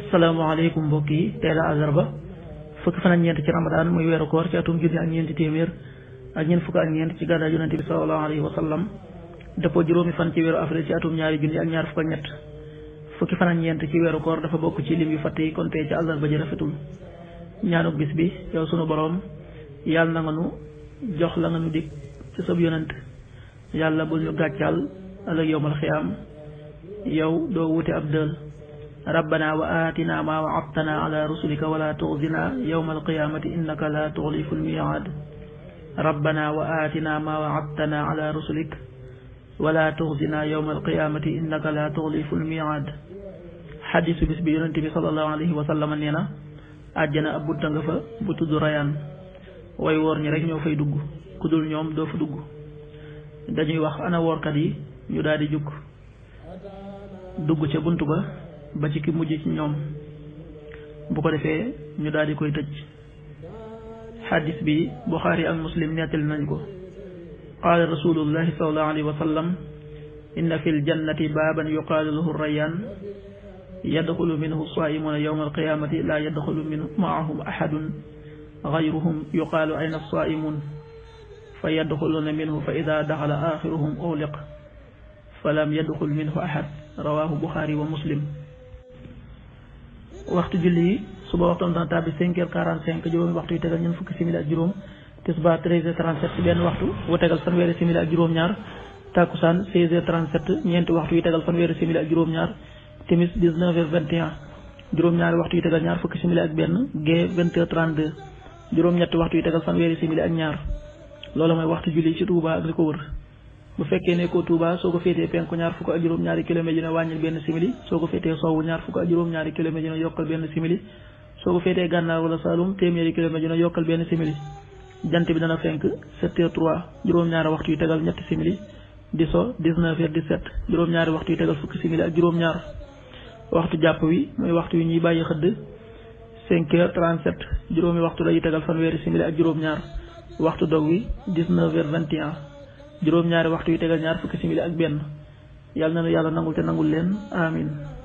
asalaamaaleykum mbokk yi tey la àllarba fukki fan ak ñeent ci ramadaan muy weeru koor ci atum junni ak ñeenti téeméer ak ñeent fukk ak ñeent ci gàddaay yonente bi sallallahu alayhi wa sallam dëppoo juróomi fan ci weeru avril ci atum ñaari junni ak ñaar fukk ñett fukki fan ñeent ci weeru koor dafa bokk ci lim yu fàtte yi kon tey ci àllarba ji rafetul ñaanuk bis bi yow sunu boroom yàlla na nga nu jox la nga nu dig ci sab yonent yàlla bu ñu gàccaal ëllëg yowmal xiyaam yow doo wute ab dël rabbana wa aatina maa waadtana ala rusulika wala tuxzina yowma alqiyamati innaka la tuxlifu lmiyaad rabbana wa aatina maa waadtana ala rusulik wala tuxzina yowma alqiyamati innaka la tuxlifu lmiyaad xadisu bis bi yonente bi salallahu alayhi wa wax ana woorkat yi ñu di jukk dugg ca bunt ba ba ci ki mujj ci ñoom bu ko defee ñu daal di koy tëj xadis bi buxaari ak muslim nettali nañ ko qaala rasulullahi sallallahu alayhi wa sallam inna fi ljannati baaban yuqaalu lahu rayaan yadxulu minhu saaimuuna yowma alqiyaamati laa yadxulu min maahum axadun gayruhum yuqaalu ayna saaimuun fa yadxuluuna minhu fa ida daxala axiruhum uliq falam yadxul minhu ahad rawaahu buxaari wa muslim waxtu julli yi suba waxtoon dana tàbbi cinq heures quarante cinq juróomi waxtu yu tegal ñeent fukki simili ak juróom tisbaar treize heures trente sept si benn waxtu bu tegal fanweeri simili ak juróom-ñaar takkusaan seize heures trente sept ñeenti waxtu yu tegal fanweeri simili ak juróom-ñaar timis dix-neuf heures vingt et un juróom-ñaari waxtu yu tegal ñaar fukki simili ak benn gee vingt heures trente-deux juróom-ñetti waxtu yu tegal fanweeri simili ak ñaar loolu mooy waxtu julli ci Tuuba ak li ko wër bu fekkee ne ko Touba soo ko féetee penku ñaar fukk ak juróom-ñaari kilomètres yi na wàññil benn simili soo ko féetee sowwu ñaar fukk ak juróom-ñaari kilomètres yi na yokkal benn simili soo ko féetee gànnaar wala Saloum téeméeri kilomètres yi na yokkal benn simili jant bi dana fenk 7 heures 3 juróom-ñaari waxtu yu tegal ñetti simili di so 19 heures juróom-ñaari waxtu yu tegal fukki simili ak juróom-ñaar waxtu jàpp wi mooy waxtu yu ñuy bàyyi xëdd 5 heures 37 juróomi waxtu la yu tegal fanweeri simili ak juróom-ñaar waxtu dog wi 19 heures 21 juróom-ñaari waxtu yu tegal ñaar fukki simili ak benn yàlla na yàlla nangul te nangul leen amin